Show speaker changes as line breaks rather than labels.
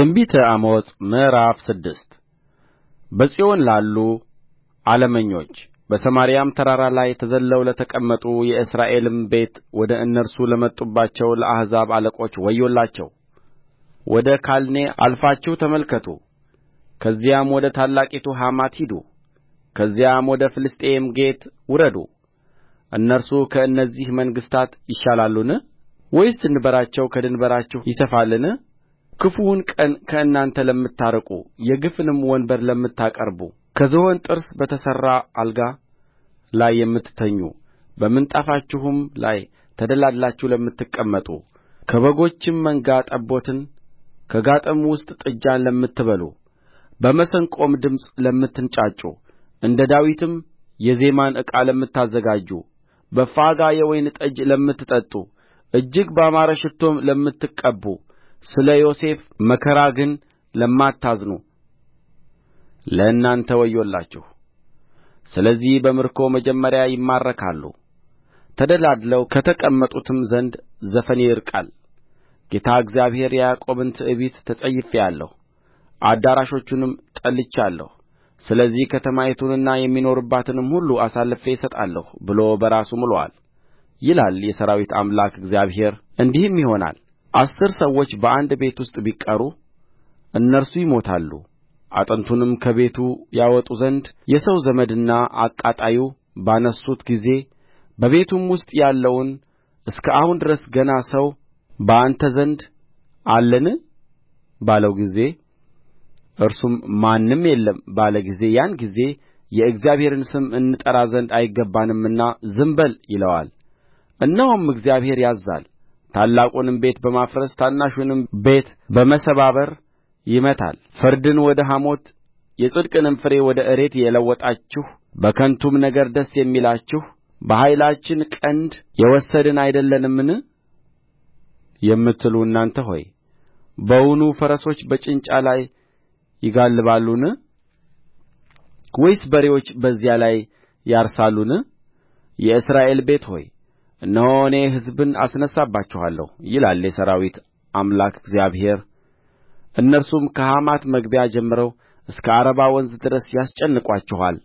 ትንቢተ አሞጽ ምዕራፍ ስድስት በጽዮን ላሉ ዓለመኞች በሰማርያም ተራራ ላይ ተዘልለው ለተቀመጡ የእስራኤልም ቤት ወደ እነርሱ ለመጡባቸው ለአሕዛብ አለቆች ወዮላቸው ወደ ካልኔ አልፋችሁ ተመልከቱ ከዚያም ወደ ታላቂቱ ሐማት ሂዱ ከዚያም ወደ ፍልስጥኤም ጌት ውረዱ እነርሱ ከእነዚህ መንግሥታት ይሻላሉን ወይስ ድንበራቸው ከድንበራችሁ ይሰፋልን ክፉውን ቀን ከእናንተ ለምታርቁ የግፍንም ወንበር ለምታቀርቡ ከዝሆን ጥርስ በተሠራ አልጋ ላይ የምትተኙ በምንጣፋችሁም ላይ ተደላድላችሁ ለምትቀመጡ ከበጎችም መንጋ ጠቦትን ከጋጥም ውስጥ ጥጃን ለምትበሉ በመሰንቆም ድምፅ ለምትንጫጩ እንደ ዳዊትም የዜማን ዕቃ ለምታዘጋጁ በፋጋ የወይን ጠጅ ለምትጠጡ እጅግ ባማረ ሽቶም ለምትቀቡ ስለ ዮሴፍ መከራ ግን ለማታዝኑ ለእናንተ ወዮላችሁ ስለዚህ በምርኮ መጀመሪያ ይማረካሉ ተደላድለው ከተቀመጡትም ዘንድ ዘፈን ይርቃል ጌታ እግዚአብሔር የያዕቆብን ትዕቢት ተጸይፌአለሁ አዳራሾቹንም ጠልቻለሁ ስለዚህ ከተማይቱንና የሚኖሩባትንም ሁሉ አሳልፌ እሰጣለሁ ብሎ በራሱ ምሎአል ይላል የሠራዊት አምላክ እግዚአብሔር እንዲህም ይሆናል አሥር ሰዎች በአንድ ቤት ውስጥ ቢቀሩ እነርሱ ይሞታሉ አጥንቱንም ከቤቱ ያወጡ ዘንድ የሰው ዘመድና አቃጣዩ ባነሡት ጊዜ በቤቱም ውስጥ ያለውን እስከ አሁን ድረስ ገና ሰው በአንተ ዘንድ አለን ባለው ጊዜ እርሱም ማንም የለም ባለ ጊዜ ያን ጊዜ የእግዚአብሔርን ስም እንጠራ ዘንድ አይገባንምና ዝም በል ይለዋል እነሆም እግዚአብሔር ያዝዛል ታላቁንም ቤት በማፍረስ ታናሹንም ቤት በመሰባበር ይመታል ፍርድን ወደ ሐሞት የጽድቅንም ፍሬ ወደ እሬት የለወጣችሁ በከንቱም ነገር ደስ የሚላችሁ በኃይላችን ቀንድ የወሰድን አይደለንምን? የምትሉ እናንተ ሆይ በውኑ ፈረሶች በጭንጫ ላይ ይጋልባሉን ወይስ በሬዎች በዚያ ላይ ያርሳሉን የእስራኤል ቤት ሆይ እነሆ እኔ ሕዝብን አስነሣባችኋለሁ ይላል የሠራዊት አምላክ እግዚአብሔር እነርሱም ከሐማት መግቢያ ጀምረው እስከ ዓረባ ወንዝ ድረስ ያስጨንቋችኋል